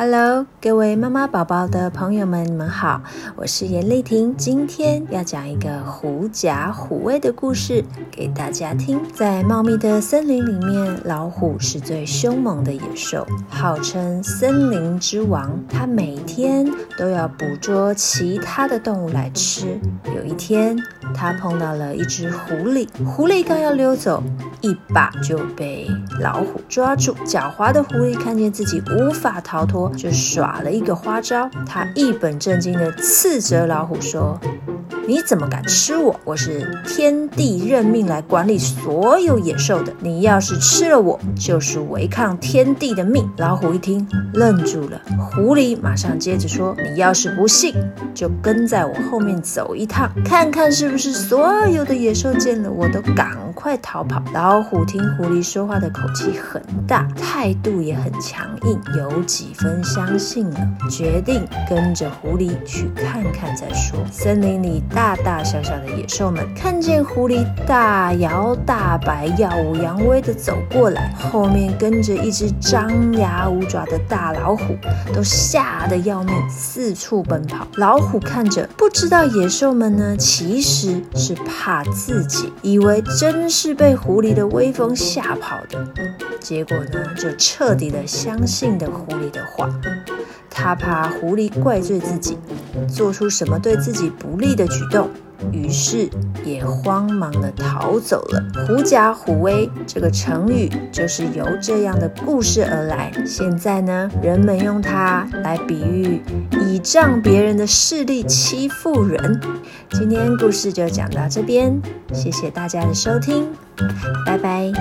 Hello，各位媽媽寶寶的朋友們，你們好，我是嚴立婷，今天要講一個狐假虎威的故事給大家聽。在茂密的森林裡面，老虎是最兇猛的野獸，號稱森林之王。它每天都要捕捉其他的動物來吃。有一天，它碰到了一隻狐狸，狐狸剛要溜走，一把就被老虎抓住。狡猾的狐狸看見自己無法逃脫。就耍了一個花招，他一本正經的斥責老虎說。你怎麼敢吃我？我是天帝任命來管理所有野獸的。你要是吃了我，就是違抗天帝的命。老虎一聽愣住了，狐狸馬上接着說：“你要是不信，就跟在我後面走一趟，看看是不是所有的野獸見了我都趕快逃跑。”老虎聽狐狸說話的口氣很大，態度也很強硬，有幾分相信了，決定跟着狐狸去看看再說。森林裡。大大小小的野獸們看見狐狸大搖大擺、耀武揚威地走過來，後面跟着一隻張牙舞爪的大老虎，都嚇得要命，四處奔跑。老虎看着不知道野獸們呢，其實是怕自己，以為真是被狐狸的威風嚇跑的。嗯，結果呢，就徹底地相信了狐狸的話。他怕狐狸怪罪自己，做出什麼對自己不利的舉動，於是也慌忙地逃走了。狐假虎威這個成語就是由這樣的故事而來。現在呢，人們用它來比喻倚仗別人的勢力欺負人。今天故事就講到這邊，謝謝大家的收聽，拜拜。